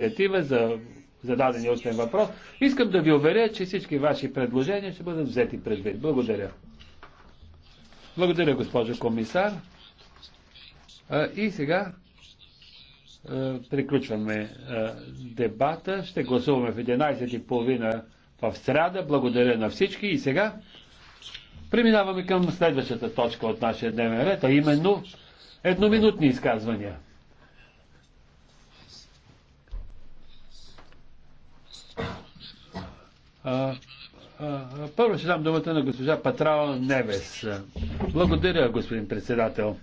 инициатива за зададения устен въпрос. Искам да ви уверя, че всички ваши предложения ще бъдат взети предвид. Благодаря. Благодаря, госпожо комисар. И сега приключваме дебата. Ще гласуваме в 11.30 в среда. Благодаря на всички. И сега преминаваме към следващата точка от нашия дневен ред, а именно едноминутни изказвания. Първо ще дам думата на госпожа Патрао Невес. Благодаря, господин председател.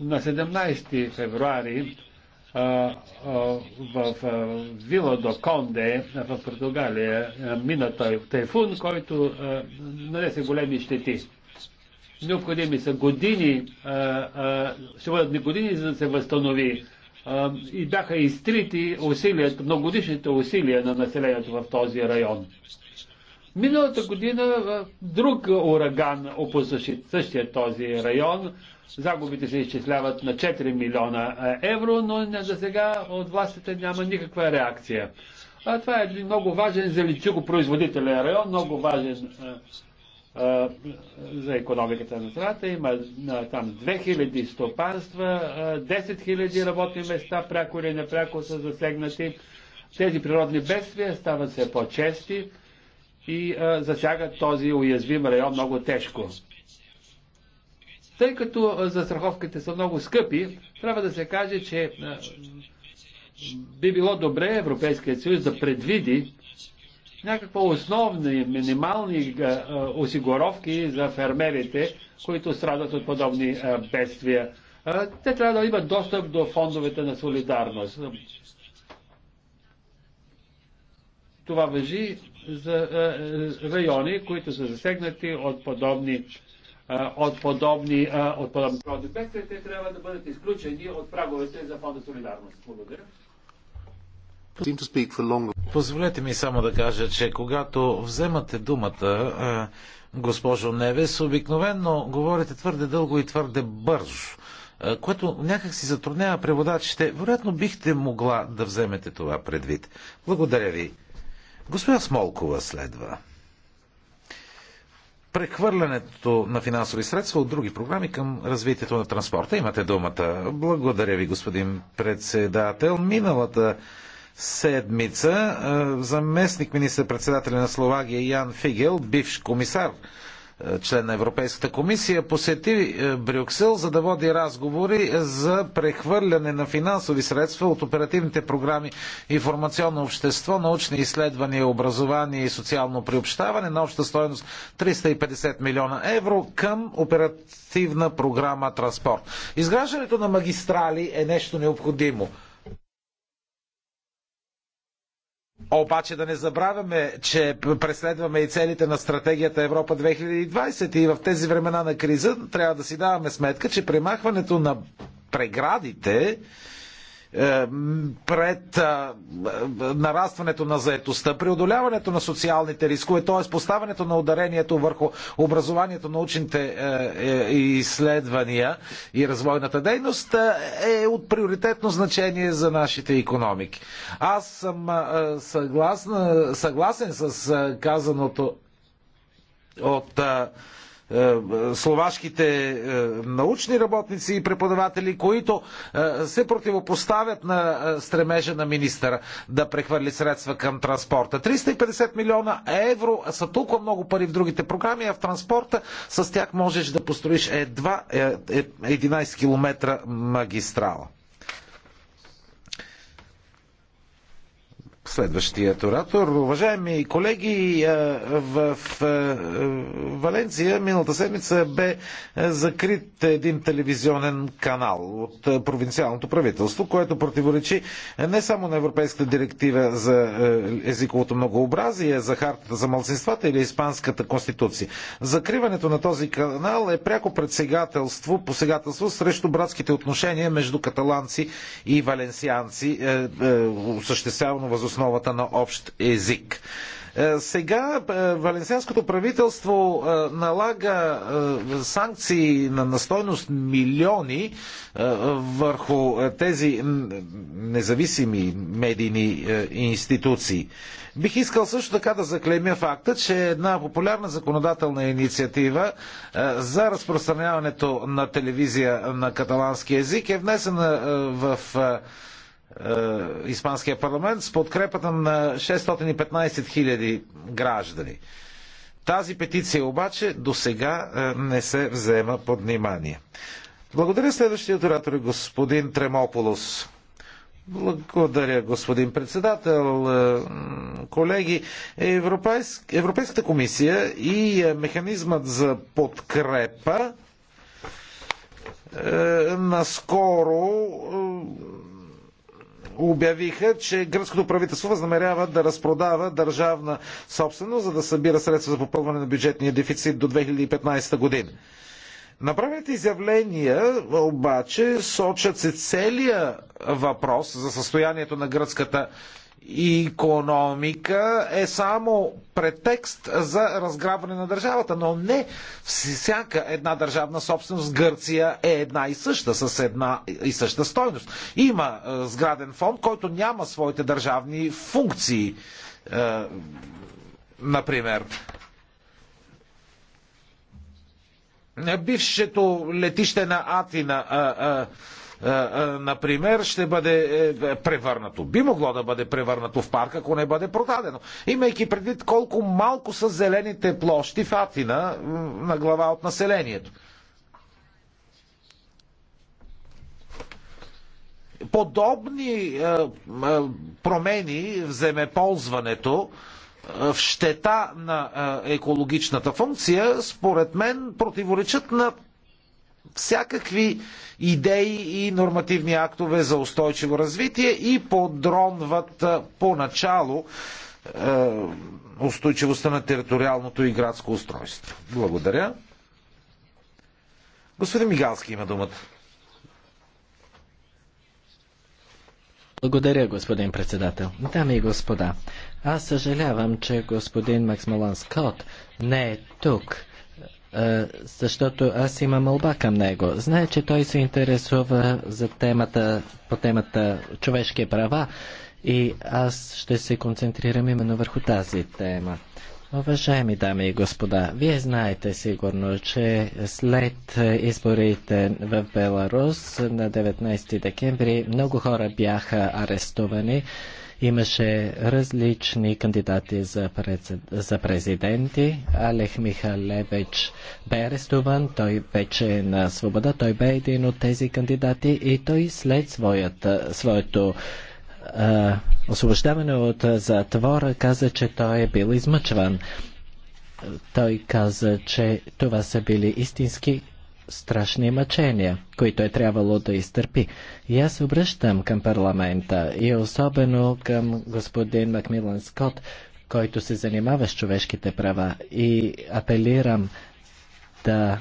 На 17 февруари в Вила до Конде в Португалия мина той тайфун, който нанесе големи щети. Необходими са години, ще бъдат години, за да се възстанови и бяха изтрити усилията, многодишните усилия на населението в този район. Миналата година друг ураган опустоши същия този район. Загубите се изчисляват на 4 милиона евро, но за сега от властите няма никаква реакция. А това е един много важен зеленчукопроизводителен район, много важен за економиката на страната. Има там 2000 стопанства, 10 000 работни места, пряко или непряко са засегнати. Тези природни бедствия стават все по-чести и засягат този уязвим район много тежко. Тъй като застраховките са много скъпи, трябва да се каже, че би било добре Европейският съюз да предвиди някаква основни, минимални е, е, осигуровки за фермерите, които страдат от подобни е, бедствия. Те трябва да имат достъп до фондовете на солидарност. Това въжи за райони, които са засегнати от подобни от подобни от подобни те трябва да бъдат изключени от праговете за фонда солидарност. Благодаря. Позволете ми само да кажа, че когато вземате думата, е, госпожо Невес, обикновенно говорите твърде дълго и твърде бързо, е, което някак си затруднява преводачите. Вероятно бихте могла да вземете това предвид. Благодаря ви. Госпожа Смолкова следва. Прехвърлянето на финансови средства от други програми към развитието на транспорта. Имате думата. Благодаря ви, господин председател. Миналата седмица е, заместник министър-председателя на Словакия Ян Фигел, бивш комисар, е, член на Европейската комисия, посети е, Брюксел, за да води разговори за прехвърляне на финансови средства от оперативните програми Информационно общество, научни изследвания, образование и социално приобщаване на обща стоеност 350 милиона евро към оперативна програма Транспорт. Изграждането на магистрали е нещо необходимо Обаче да не забравяме, че преследваме и целите на стратегията Европа 2020 и в тези времена на криза трябва да си даваме сметка, че премахването на преградите е, пред е, е, нарастването на заетостта, преодоляването на социалните рискове, т.е. поставянето на ударението върху образованието, научните изследвания и развойната дейност е от приоритетно значение за нашите економики. Аз съм съгласна, съгласен с казаното от е, словашките е, научни работници и преподаватели, които е, се противопоставят на стремежа на министъра да прехвърли средства към транспорта. 350 милиона евро са толкова много пари в другите програми, а в транспорта с тях можеш да построиш едва 11 км магистрала. Следващият оратор. Уважаеми колеги, в Валенция миналата седмица бе закрит един телевизионен канал от провинциалното правителство, което противоречи не само на Европейската директива за езиковото многообразие, за хартата за малцинствата или Испанската конституция. Закриването на този канал е пряко предсегателство, посегателство срещу братските отношения между каталанци и валенсианци, е, е, осъществявано възоснова основата на общ език. Е, сега е, валенсианското правителство е, налага санкции на настойност милиони върху тези независими медийни институции. Бих искал също така да заклемя факта, че една популярна законодателна инициатива за разпространяването на телевизия на каталански език е внесена в е, Испанския парламент с подкрепата на 615 000 граждани. Тази петиция обаче до сега е, не се взема под внимание. Благодаря следващия оратор е господин Тремополос. Благодаря, господин председател. Колеги, Европейск... Европейската комисия и механизмът за подкрепа е, наскоро обявиха, че гръцкото правителство възнамерява да разпродава държавна собственост, за да събира средства за попълване на бюджетния дефицит до 2015 година. Направените изявления обаче сочат се целия въпрос за състоянието на гръцката и економика е само претекст за разграбване на държавата. Но не всяка една държавна собственост Гърция е една и съща, с една и съща стойност. Има е, сграден фонд, който няма своите държавни функции. Е, например, бившето летище на Атина е, е, е, например, ще бъде е, превърнато. Би могло да бъде превърнато в парк, ако не бъде продадено. Имайки предвид колко малко са зелените площи в Атина на глава от населението. Подобни промени в земеползването в щета на екологичната функция, според мен, противоречат на всякакви идеи и нормативни актове за устойчиво развитие и подронват поначало устойчивостта на териториалното и градско устройство. Благодаря. Господин Мигалски има думата. Благодаря, господин председател. Дами и господа, аз съжалявам, че господин Максмалан Скот не е тук. Е, защото аз имам мълба към него. Знае, че той се интересува за темата, по темата човешки права и аз ще се концентрирам именно върху тази тема. Уважаеми дами и господа, вие знаете сигурно, че след изборите в Беларус на 19 декември много хора бяха арестувани. Имаше различни кандидати за, презид... за президенти. Алех Михалевич бе арестуван, той вече е на свобода. Той бе един от тези кандидати и той след своята, своето а, освобождаване от затвора каза, че той е бил измъчван. Той каза, че това са били истински страшни мъчения, които е трябвало да изтърпи. И аз се обръщам към парламента и особено към господин Макмилан Скот, който се занимава с човешките права и апелирам да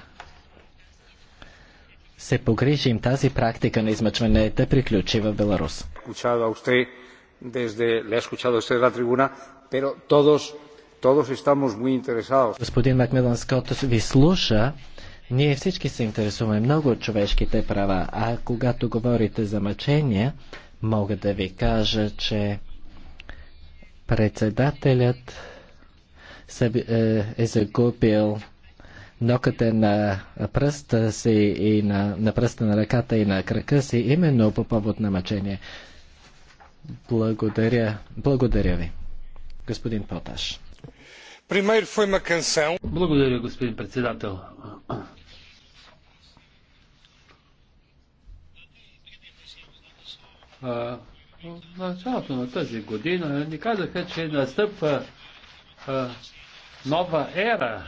се погрижим тази практика на измъчване да приключи в Беларус. Господин Макмилан Скот ви слуша ние всички се интересуваме много от човешките права, а когато говорите за мъчения, мога да ви кажа, че председателят е, е загубил ноката е на пръста си и на, на пръста на ръката и на крака си, именно по повод на мъчение. Благодаря. Благодаря ви. Господин Поташ. Благодаря, господин председател. В началото на тази година ни казаха, че настъпва нова ера.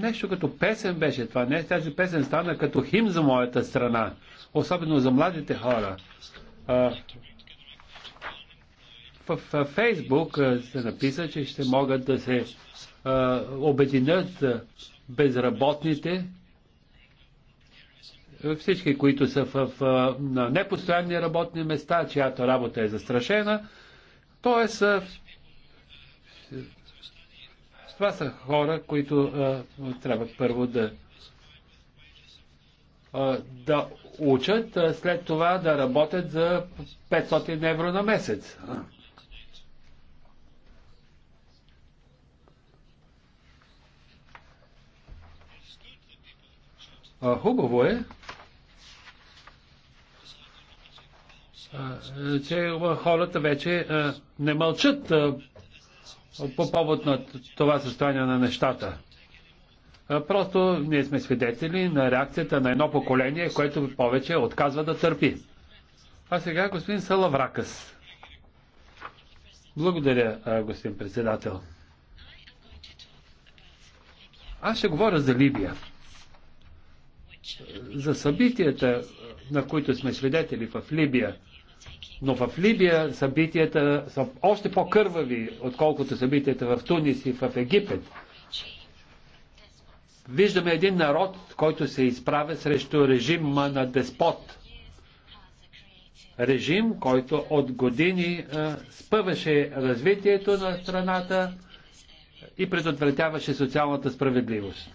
Нещо като песен беше това. Не, тази песен стана като хим за моята страна, особено за младите хора. В Фейсбук се написа, че ще могат да се обединят безработните всички, които са в, в, на непостоянни работни места, чиято работа е застрашена. Тоест, това са хора, които а, трябва първо да а, да учат, а след това да работят за 500 евро на месец. хубаво е, че хората вече не мълчат по повод на това състояние на нещата. Просто ние сме свидетели на реакцията на едно поколение, което повече отказва да търпи. А сега господин Салавракас. Благодаря, господин председател. Аз ще говоря за Либия. За събитията, на които сме свидетели в Либия, но в Либия събитията са още по-кървави, отколкото събитията в Тунис и в Египет. Виждаме един народ, който се изправя срещу режим на деспот. Режим, който от години спъваше развитието на страната и предотвратяваше социалната справедливост.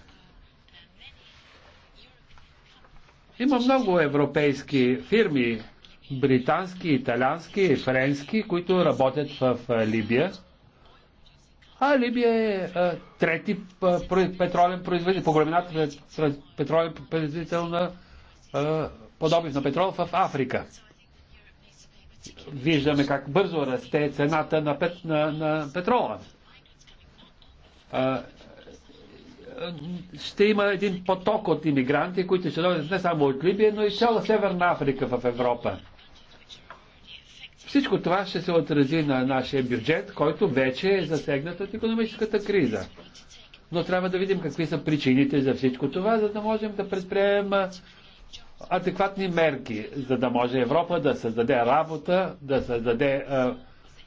Има много европейски фирми, британски, италиански френски, които работят в Либия. А Либия е трети петролен производител, по големината петролен производител на подобив на петрол в Африка. Виждаме как бързо расте цената на, пет, на, на петрола. А, ще има един поток от иммигранти, които ще дойдат не само от Либия, но и цяла Северна Африка в Европа. Всичко това ще се отрази на нашия бюджет, който вече е засегнат от економическата криза. Но трябва да видим какви са причините за всичко това, за да можем да предприемем адекватни мерки, за да може Европа да създаде работа, да създаде а,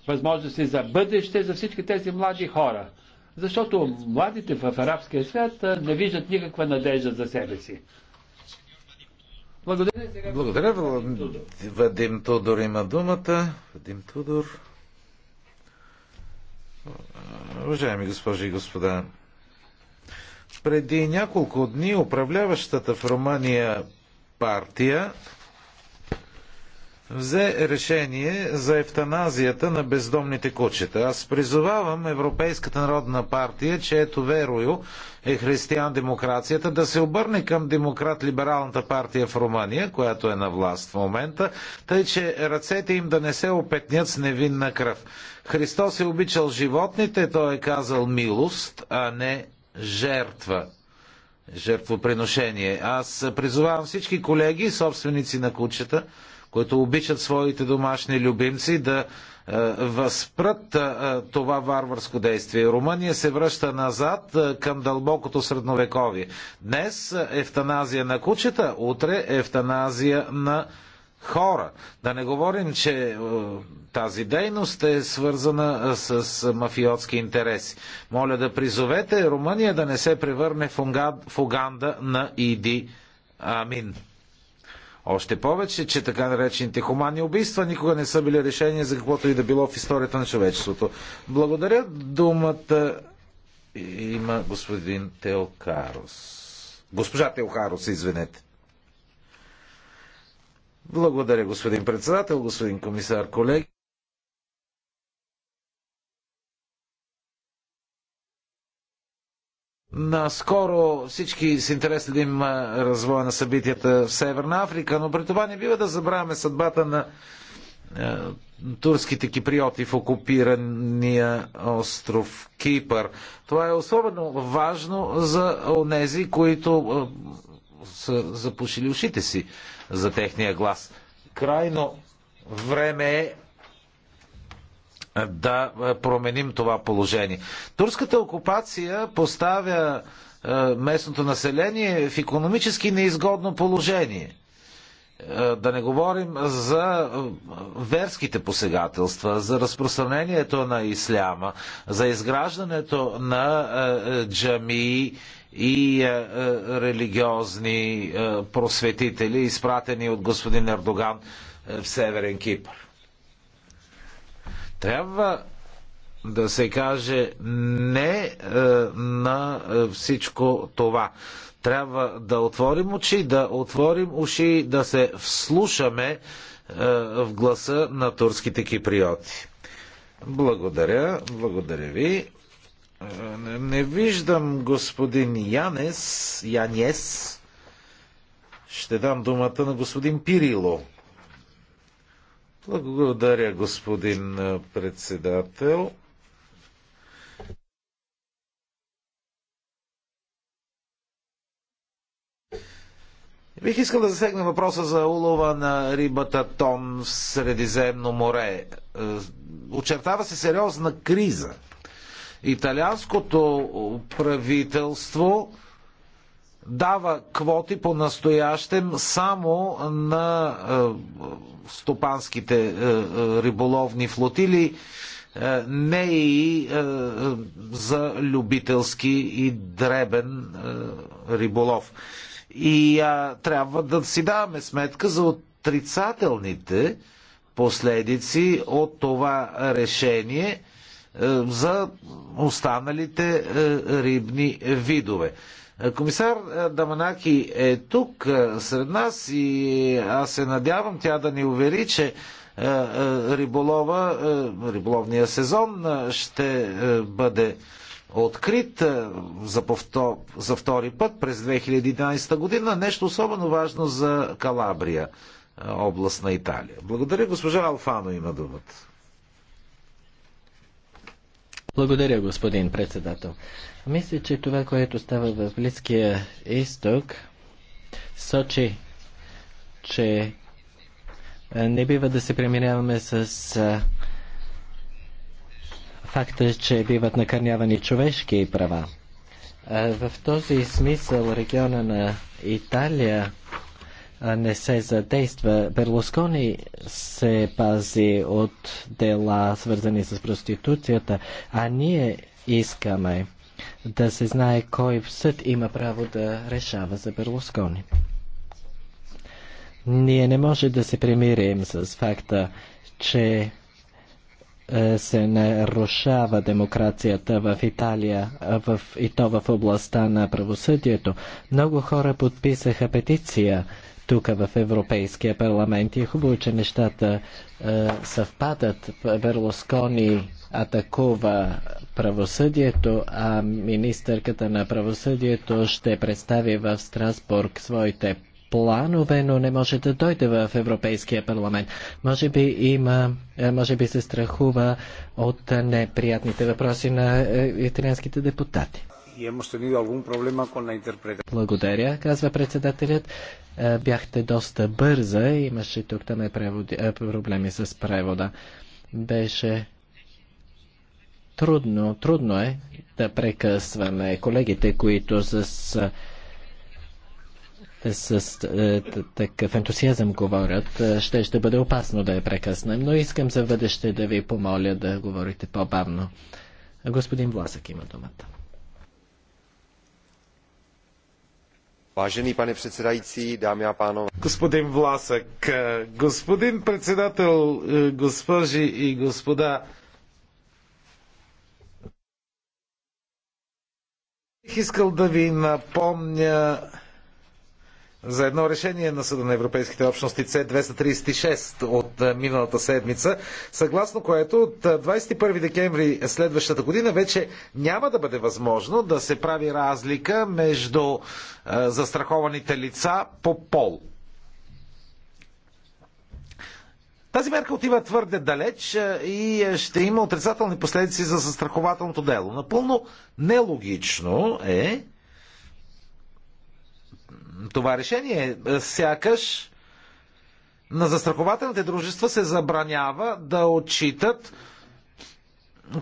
възможности за бъдеще за всички тези млади хора. Защото младите в арабския свят не виждат никаква надежда за себе си. Благодаря. Сега... Благодаря. Вадим Тодор има думата. Вадим Тодор. Уважаеми госпожи и господа, преди няколко дни управляващата в Румъния партия взе решение за евтаназията на бездомните кучета. Аз призовавам Европейската народна партия, ето верою е християн демокрацията, да се обърне към демократ-либералната партия в Румъния, която е на власт в момента, тъй че ръцете им да не се опетнят с невинна кръв. Христос е обичал животните, той е казал милост, а не жертва жертвоприношение. Аз призовавам всички колеги, собственици на кучета, които обичат своите домашни любимци, да е, възпрат е, е това варварско действие. Румъния се връща назад е, към дълбокото средновековие. Днес е, ефтаназия на кучета, утре ефтаназия на хора. Да не говорим, че е, тази дейност е свързана е, с е, мафиотски интереси. Моля да призовете Румъния да не се превърне в Уганда на Иди Амин. Още повече, че така наречените хумани убийства никога не са били решение за каквото и да било в историята на човечеството. Благодаря. Думата има господин Теокарос. Госпожа Теохарос, извинете. Благодаря, господин председател, господин комисар, колеги. Наскоро всички с интерес следим развоя на събитията в Северна Африка, но при това не бива да забравяме съдбата на турските киприоти в окупирания остров Кипър. Това е особено важно за онези, които са запушили ушите си за техния глас. Крайно време е, е да е, променим това положение. Турската окупация поставя е, местното население в економически неизгодно положение. Да не говорим за верските посегателства, за разпространението на исляма, за изграждането на джамии и е, е, религиозни е, просветители, изпратени от господин Ердоган в Северен Кипър. Трябва да се каже не на всичко това. Трябва да отворим очи, да отворим уши, да се вслушаме в гласа на турските киприоти. Благодаря, благодаря ви. Не, не виждам господин Янес, Янес. Ще дам думата на господин Пирило. Благодаря, господин е, председател. Бих искал да засегна въпроса за улова на рибата тон в Средиземно море. Е, очертава се сериозна криза Италианското правителство дава квоти по настоящем само на е, стопанските е, е, риболовни флотили, не и за любителски и дребен риболов. И а, трябва да си даваме сметка за отрицателните последици от това решение е, за останалите е, рибни видове. Е, комисар Даманаки е тук сред нас и аз се надявам тя да ни увери, че риболова, риболовния сезон ще бъде открит за, повтор, за втори път през 2011 година. Нещо особено важно за Калабрия, област на Италия. Благодаря, госпожа Алфано има думата. Благодаря, господин председател. Мисля, че това, което става в Близкия изток, сочи, че не бива да се преминаваме с факта, че биват накърнявани човешки права. В този смисъл региона на Италия не се задейства. Берлоскони се пази от дела, свързани с проституцията, а ние искаме да се знае кой в съд има право да решава за Берлоскони. Ние не може да се примирим с факта, че е, се нарушава демокрацията в Италия в, и то в областта на правосъдието. Много хора подписаха петиция тук в Европейския парламент. И е хубаво, че нещата е, съвпадат. Берлоскони атакува правосъдието, а министърката на правосъдието ще представи в Страсбург своите планове, но не може да дойде в Европейския парламент. Може би има, е, може би се страхува от неприятните въпроси на е, италианските депутати. Благодаря, казва председателят. Е, бяхте доста бърза, имаше тук там е преводи... Е, проблеми с превода. Беше трудно, трудно е да прекъсваме колегите, които с с с такъв ентусиазъм говорят, ще, ще бъде опасно да я прекъснем, но искам за бъдеще да ви помоля да говорите по-бавно. Господин Власък има думата. Vážený pane předsedající, dámy a pánové. Господин Власък, е, господин председател, е, госпожи и господа, бих искал да ви напомня за едно решение на Съда на Европейските общности C236 от е, миналата седмица, съгласно което от 21 е, декември следващата година вече няма да бъде възможно да се прави разлика между е, застрахованите лица по пол. Тази мерка отива твърде далеч и ще има отрицателни последици за застрахователното дело. Напълно нелогично е това решение. Е, сякаш на застрахователните дружества се забранява да отчитат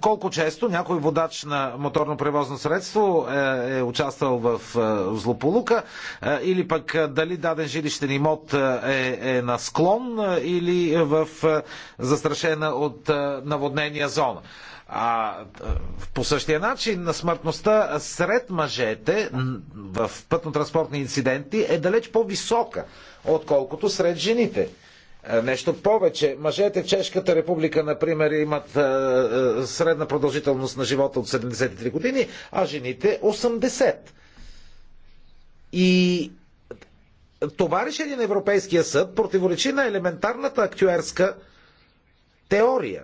колко често някой водач на моторно превозно средство е, е участвал в е, злополука е, или пък дали даден жилищен имот е на склон или в застрашена от наводнения зона. А по същия начин на смъртността сред мъжете в пътно-транспортни инциденти е далеч по-висока, отколкото сред жените. Е, нещо повече, мъжете в Чешката република, например, имат е, е, средна продължителност на живота от 73 години, а жените 80. И това решение на Европейския съд противоречи на елементарната актюерска теория.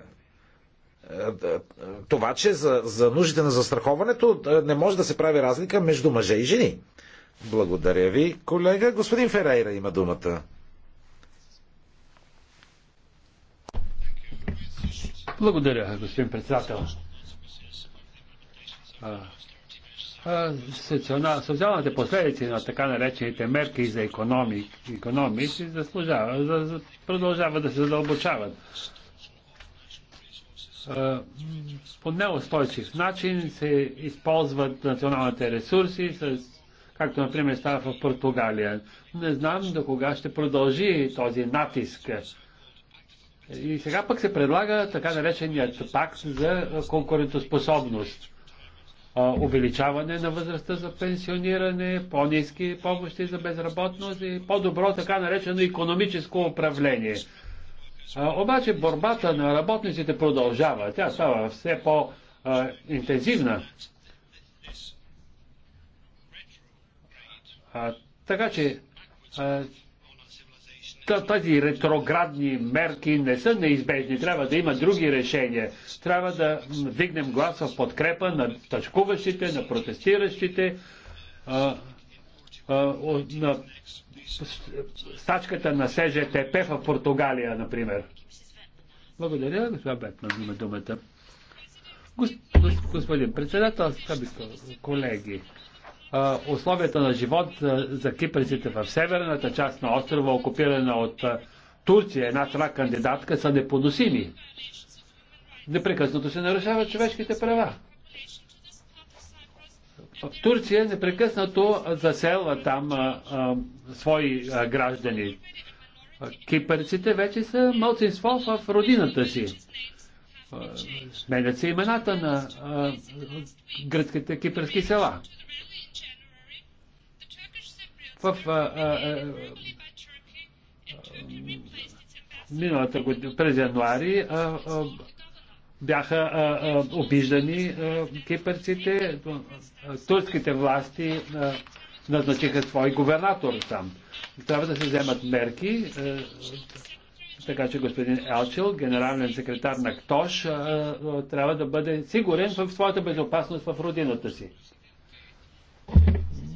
Това, че за, за нуждите на застраховането не може да се прави разлика между мъже и жени. Благодаря ви, колега. Господин Ферейра има думата. Благодаря, господин председател. Социалните последици на така наречените мерки за економии си за, за, да се задълбочават. По неустойчив начин се използват националните ресурси, с, както например става в Португалия. Не знам до кога ще продължи този натиск и сега пък се предлага така нареченият пакт за конкурентоспособност. Увеличаване на възрастта за пенсиониране, по-низки помощи за безработност и по-добро така наречено економическо управление. Обаче борбата на работниците продължава. Тя става все по-интензивна. Така че тези ретроградни мерки не са неизбежни. Трябва да има други решения. Трябва да вдигнем глас в подкрепа на тъчкуващите, на протестиращите, на стачката на СЖТП в Португалия, например. Благодаря, господин Бетман, има думата. господин председател, скъпи колеги, условията на живот за киприците в северната част на острова, окупирана от Турция, една страна кандидатка, са непоносими. Непрекъснато се нарушават човешките права. В Турция непрекъснато заселва там а, а, свои а, граждани. Кипърците вече са мълцинство в родината си. Сменят се имената на а, гръцките кипърски села. В а, а, миналата година, през януари, а, а, бяха а, а, обиждани а, кипърците. Турските власти а, назначиха свой губернатор там. Трябва да се вземат мерки, а, така че господин Елчил, генерален секретар на КТОШ, а, а, трябва да бъде сигурен в своята безопасност в родината си.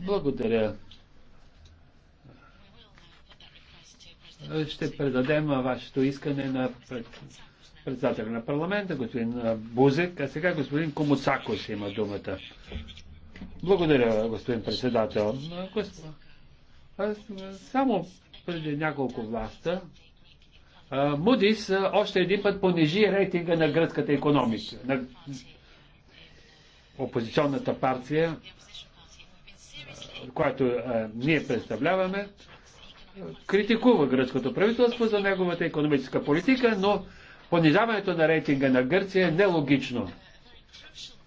Благодаря. ще предадем вашето искане на председателя на парламента, господин Бузек. А сега господин Комуцакос има думата. Благодаря, господин председател. Само преди няколко власта Мудис още един път понижи рейтинга на гръцката економика, на опозиционната партия, която ние представляваме критикува гръцкото правителство за неговата економическа политика, но понижаването на рейтинга на Гърция е нелогично.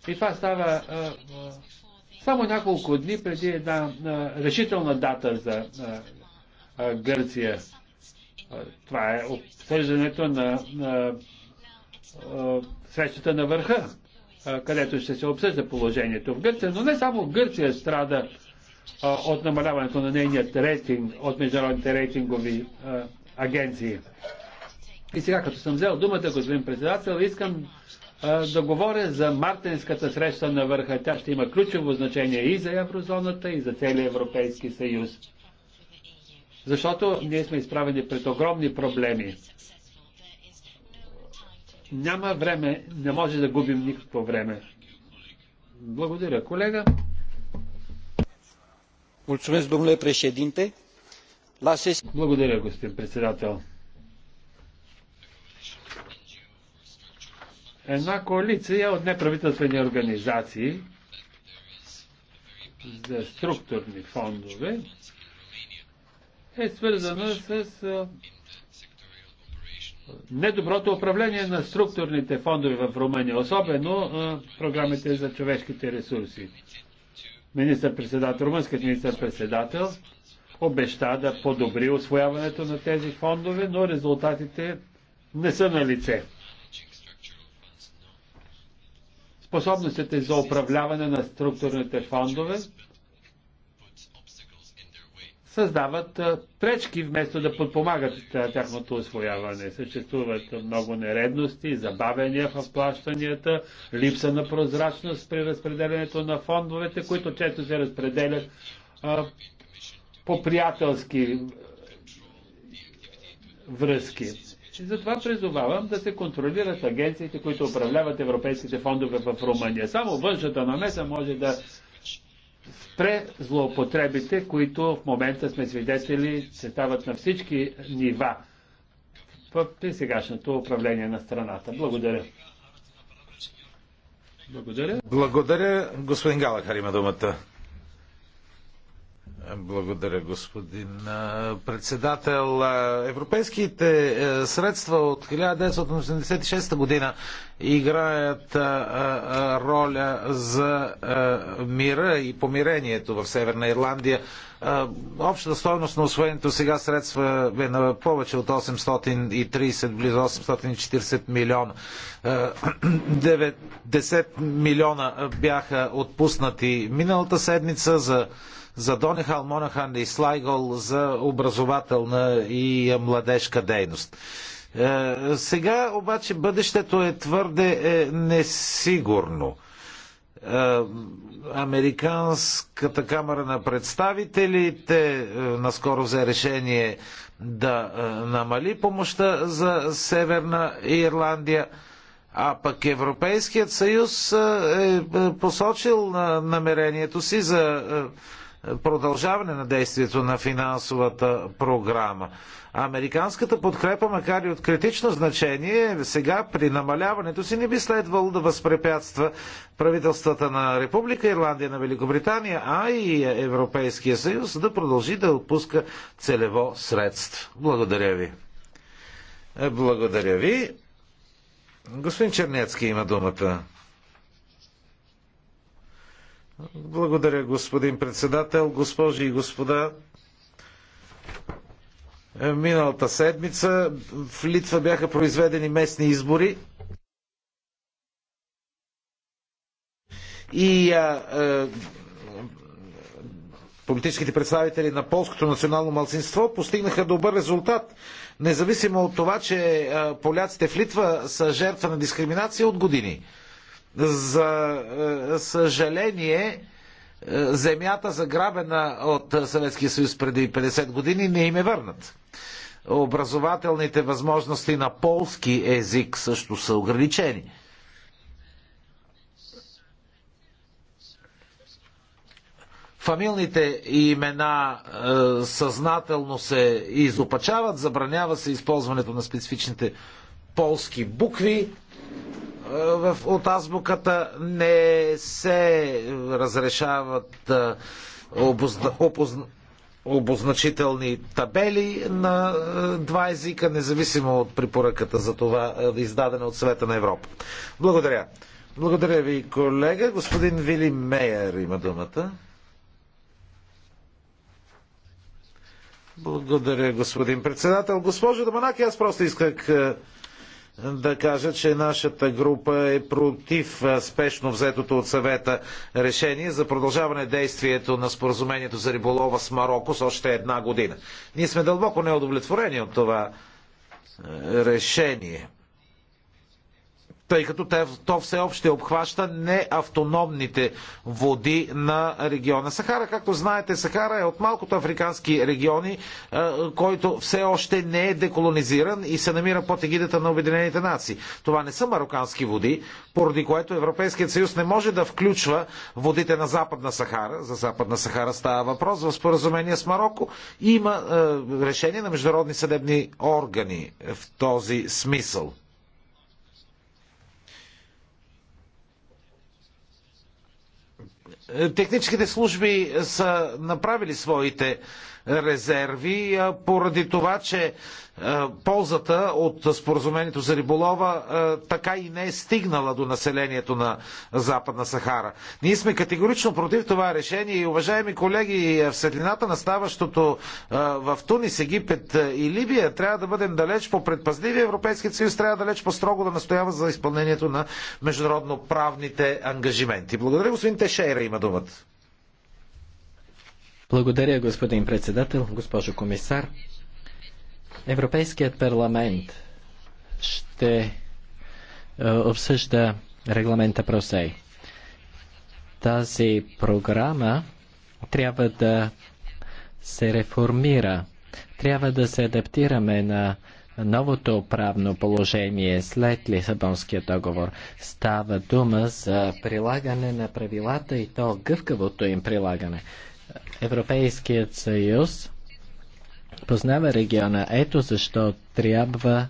И това става а, само няколко дни преди една а, решителна дата за а, а, Гърция. А, това е обсъждането на, на а, срещата на върха, а, където ще се обсъжда положението в Гърция. Но не само Гърция страда от намаляването на нейният рейтинг от международните рейтингови агенции. И сега, като съм взел думата, господин председател, искам да говоря за мартинската среща на върха. Тя ще има ключово значение и за еврозоната, и за целия Европейски съюз. Защото ние сме изправени пред огромни проблеми. Няма време, не може да губим никакво време. Благодаря, колега. Благодаря, господин председател. Една коалиция е от неправителствени организации за структурни фондове е свързана с недоброто управление на структурните фондове в Румъния, особено програмите за човешките ресурси министър-председател, румънският министър-председател обеща да подобри освояването на тези фондове, но резултатите не са на лице. Способностите за управляване на структурните фондове създават пречки, вместо да подпомагат тяхното освояване. Съществуват много нередности, забавения в плащанията, липса на прозрачност при разпределението на фондовете, които често се разпределят по приятелски връзки. И затова призовавам да се контролират агенциите, които управляват европейските фондове в Румъния. Само външната намеса може да спре злоупотребите, които в момента сме свидетели, се стават на всички нива при сегашното управление на страната. Благодаря. Благодаря. Благодаря. Господин Галахар има думата. Благодаря, господин председател. Европейските средства от 1986 година играят роля за мира и помирението в Северна Ирландия. Общата стойност на освоеното сега средства е на повече от 830, близо 840 милиона. 90 милиона бяха отпуснати миналата седмица за за Донехал, Монахан и Слайгол за образователна и младежка дейност. Е, сега обаче бъдещето е твърде е, несигурно. Е, Американската камера на представителите наскоро взе решение да намали помощта за Северна Ирландия, а пък Европейският съюз е посочил намерението си за продължаване на действието на финансовата програма. Американската подкрепа, макар и от критично значение, сега при намаляването си не би следвало да възпрепятства правителствата на Република Ирландия, на Великобритания, а и Европейския съюз да продължи да отпуска целево средство. Благодаря ви. Благодаря ви. Господин Чернецки има думата. Благодаря, господин председател. Госпожи и господа, е, миналата седмица в Литва бяха произведени местни избори. И а, а, е, политическите представители на полското национално малцинство постигнаха добър резултат, независимо от това, че поляците в Литва са жертва на дискриминация от години. За е, съжаление, е, земята заграбена от е, Съветския съюз преди 50 години не им е върнат. Образователните възможности на полски език също са ограничени. Фамилните имена е, съзнателно се изопачават, забранява се използването на специфичните полски букви е, в, от азбуката не се разрешават е, обозна, обозна, обозначителни табели на е, два езика, независимо от препоръката за това, издадена от Съвета на Европа. Благодаря. Благодаря ви, колега. Господин Вили Мейер има думата. Благодаря, господин председател. Госпожо Даманаки, аз просто исках да кажа, че нашата група е против спешно взетото от съвета решение за продължаване действието на споразумението за риболова с Марокко с още една година. Ние сме дълбоко неудовлетворени от това решение тъй като то все още обхваща неавтономните води на региона. Сахара, както знаете, Сахара е от малкото африкански региони, е, който все още не е деколонизиран и се намира под егидата на Обединените нации. Това не са марокански води, поради което Европейският съюз не може да включва водите на Западна Сахара, за Западна Сахара става въпрос, в споразумение с Марокко. Има е, решение на международни съдебни органи в този смисъл. Техническите служби са направили своите резерви, поради това, че ползата от споразумението за риболова така и не е стигнала до населението на Западна Сахара. Ние сме категорично против това решение и, уважаеми колеги, в светлината на ставащото в Тунис, Египет и Либия трябва да бъдем далеч по-предпазливи. Европейският съюз трябва далеч по-строго да настоява за изпълнението на международно правните ангажименти. Благодаря, господин Тешейра има думата. Благодаря, господин председател, госпожо комисар. Европейският парламент ще е, обсъжда регламента Просей. Тази програма трябва да се реформира. Трябва да се адаптираме на новото правно положение след Лисабонския договор. Става дума за прилагане на правилата и то гъвкавото им прилагане. Европейският съюз познава региона. Ето защо трябва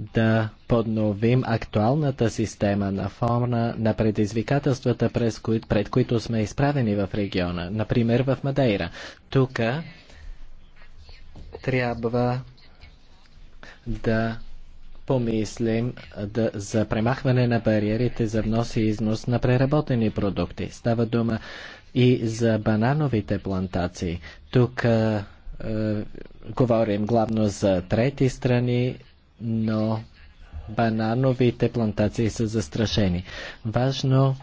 да подновим актуалната система на форма на предизвикателствата, през кои, пред които сме изправени в региона, например в Мадейра. Тук трябва да помислим да, за премахване на бариерите за внос и износ на преработени продукти. Става дума и за банановите плантации. Тук а, говорим главно за трети страни, но банановите плантации са застрашени. Важно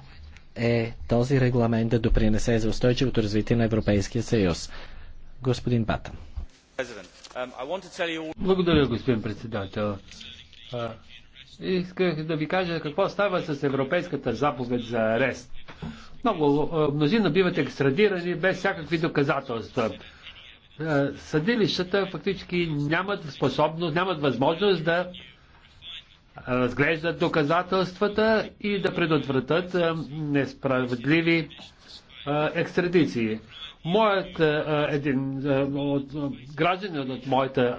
е този регламент да допринесе за устойчивото развитие на Европейския съюз. Господин Батън. Um, Благодаря, господин председател исках да ви кажа какво става с европейската заповед за арест. Много мнозина биват екстрадирани без всякакви доказателства. Съдилищата фактически нямат способност, нямат възможност да разглеждат доказателствата и да предотвратят несправедливи екстрадиции. Моят един от гражданин от моята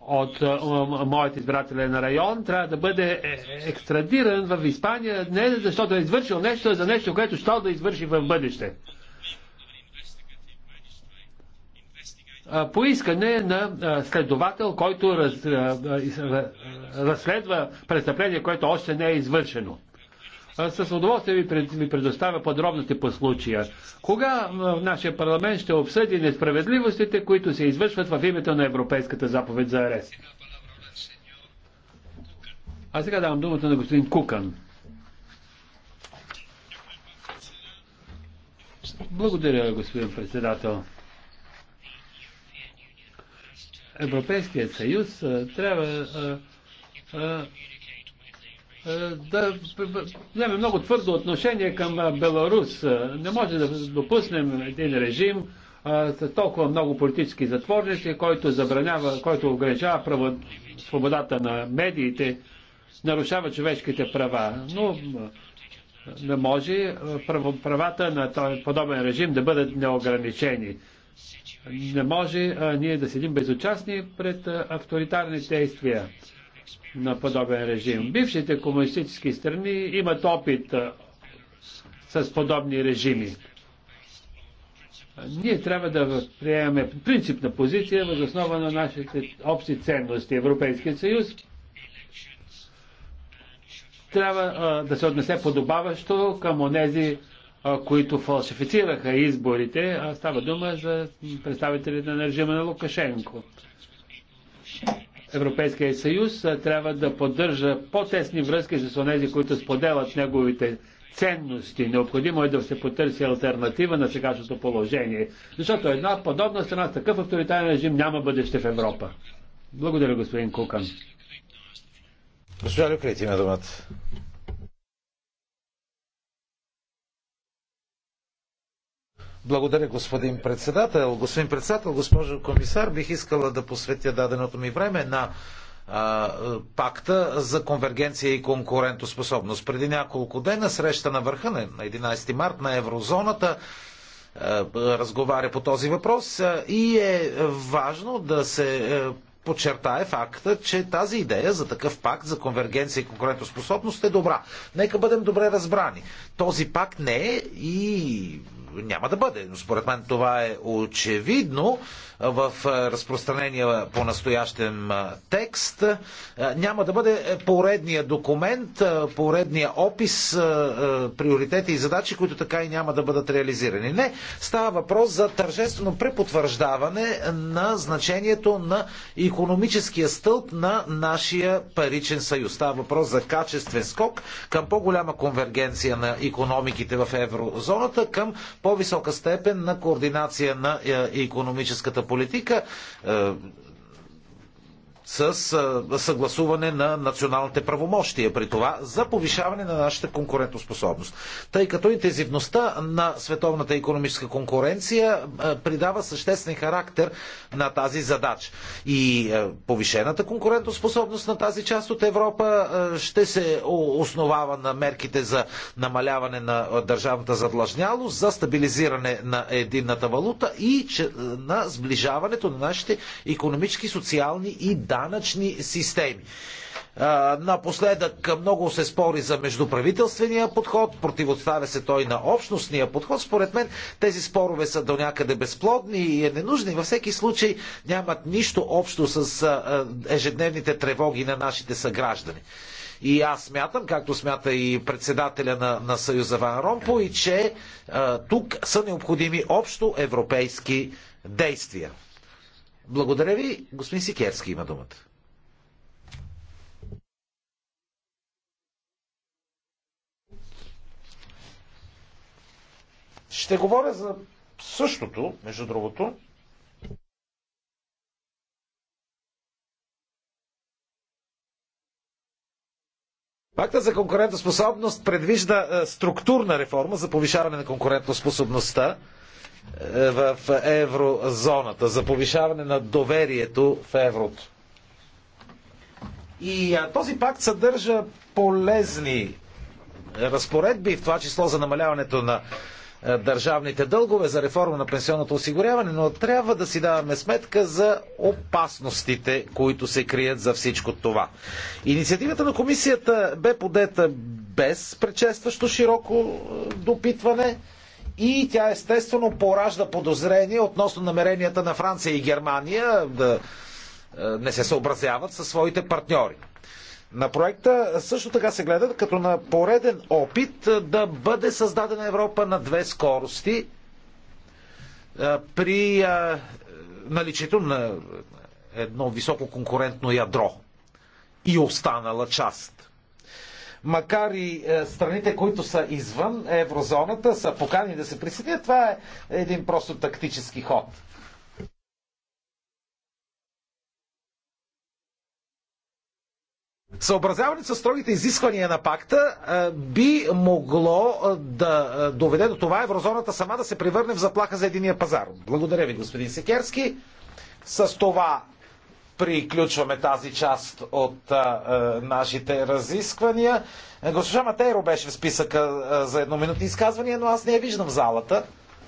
от е, е, моят избирателен район, трябва да бъде е, екстрадиран в Испания, не защото е извършил нещо, а за нещо, което ще да извърши в бъдеще. Поискане на следовател, който раз, разследва престъпление, което още не е извършено. С удоволствие ви, пред, предоставя подробности по случая. Кога в нашия парламент ще обсъди несправедливостите, които се извършват в името на Европейската заповед за арест? А сега давам думата на господин Кукан. Благодаря, господин председател. Европейският съюз трябва а, а, е, да вземе много твърдо отношение към е, Беларус. Е, не може да допуснем един режим с толкова много политически затворници, който забранява, който ограничава право, свободата на медиите, нарушава човешките права. Но не може правата на този подобен режим да бъдат неограничени. Не може а, ние да седим безучастни пред авторитарни действия на подобен режим. Бившите комунистически страни имат опит с подобни режими. Ние трябва да приемем принципна позиция въз основа на нашите общи ценности. Европейския съюз трябва а, да се отнесе подобаващо към онези, а, които фалшифицираха изборите. А става дума за представителите на режима на Лукашенко. Европейския съюз трябва да поддържа по-тесни връзки с онези, които споделят неговите ценности. Необходимо е да се потърси альтернатива на сегашното положение. Защото една подобна страна с такъв авторитарен режим няма бъдеще в Европа. Благодаря, господин Кукан. Госпожа Люкрит има думата. Благодаря, господин председател. Господин председател, госпожо комисар, бих искала да посветя даденото ми време на а, пакта за конвергенция и конкурентоспособност. Преди няколко дена среща на върха на 11 март на еврозоната а, разговаря по този въпрос а, и е важно да се подчертае факта, че тази идея за такъв пакт за конвергенция и конкурентоспособност е добра. Нека бъдем добре разбрани. Този пакт не е и няма да бъде. Но според мен това е очевидно в разпространения по настоящем текст. Няма да бъде поредния документ, поредния опис, приоритети и задачи, които така и няма да бъдат реализирани. Не, става въпрос за тържествено препотвърждаване на значението на економическия стълб на нашия паричен съюз. Става въпрос за качествен скок към по-голяма конвергенция на економиките в еврозоната, към по-висока степен на координация на економическата политика. Е, с съгласуване на националните правомощия при това за повишаване на нашата конкурентоспособност. Тъй като интензивността на световната економическа конкуренция придава съществен характер на тази задача. И повишената конкурентоспособност на тази част от Европа ще се основава на мерките за намаляване на държавната задлъжнялост, за стабилизиране на единната валута и на сближаването на нашите економически, социални и данни данъчни системи. Напоследък много се спори за междуправителствения подход, противоставя се той на общностния подход. Според мен тези спорове са до някъде безплодни и е ненужни. Във всеки случай нямат нищо общо с ежедневните тревоги на нашите съграждани. И аз смятам, както смята и председателя на, на Съюза Ван Ромпо, и че а, тук са необходими общо европейски действия. Благодаря ви. Господин Сикерски има думата. Ще говоря за същото, между другото. Пакта за конкурентоспособност предвижда е, структурна реформа за повишаване на конкурентоспособността е, в еврозоната, за повишаване на доверието в еврото. И а, този пакт съдържа полезни разпоредби, в това число за намаляването на а, е, държавните дългове, за реформа на пенсионното осигуряване, но трябва да си даваме сметка за опасностите, които се крият за всичко това. Инициативата на комисията бе подета без предшестващо широко е, допитване и тя естествено поражда подозрение относно намеренията на Франция и Германия да е, не се съобразяват със своите партньори. На проекта също така се гледа като на пореден опит е, да бъде създадена Европа на две скорости е, при наличието на едно високо конкурентно ядро и останала част макар и е, страните, които са извън еврозоната, са покани да се присъединят, това е един просто тактически ход. Съобразяване с строгите изисквания на пакта е, би могло е, да доведе до това еврозоната сама да се превърне в заплаха за единия пазар. Благодаря ви, господин Секерски. С това приключваме тази част от а, а, нашите разисквания. Госпожа Матейро беше в списъка а, за едноминутни изказвания, но аз не я виждам в залата.